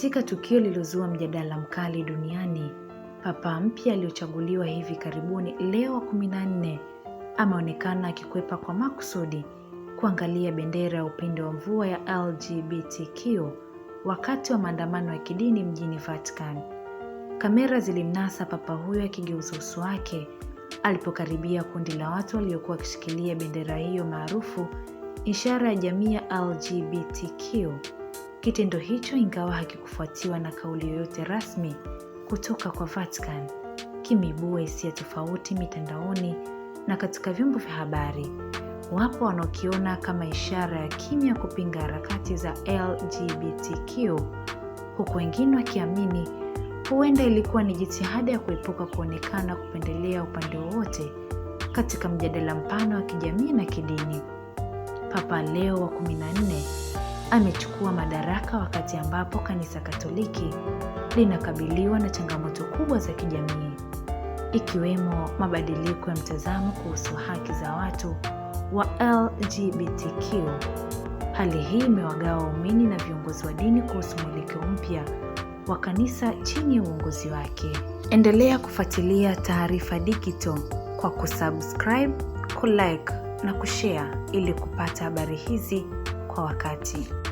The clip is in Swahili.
Katika tukio lilozua mjadala mkali duniani, papa mpya aliyochaguliwa hivi karibuni Leo wa 14 ameonekana akikwepa kwa makusudi kuangalia bendera ya upinde wa mvua ya LGBTQ wakati wa maandamano ya kidini mjini Vatican. Kamera zilimnasa papa huyo akigeuza uso wake alipokaribia kundi la watu waliokuwa wakishikilia bendera hiyo maarufu, ishara ya jamii ya LGBTQ. Kitendo hicho, ingawa hakikufuatiwa na kauli yoyote rasmi kutoka kwa Vatican, kimeibua hisia tofauti mitandaoni na katika vyombo vya habari. Wapo wanaokiona kama ishara ya kimya kupinga harakati za LGBTQ, huku wengine wakiamini huenda ilikuwa ni jitihada ya kuepuka kuonekana kupendelea upande wowote katika mjadala mpana wa kijamii na kidini. Papa Leo wa 14 amechukua madaraka wakati ambapo Kanisa Katoliki linakabiliwa na changamoto kubwa za kijamii, ikiwemo mabadiliko ya mtazamo kuhusu haki za watu wa LGBTQ. Hali hii imewagawa waumini na viongozi wa dini kuhusu mwelekeo mpya wa kanisa chini ya uongozi wake. Endelea kufuatilia Taarifa Digital kwa kusubscribe, kulike na kushare ili kupata habari hizi kwa wakati.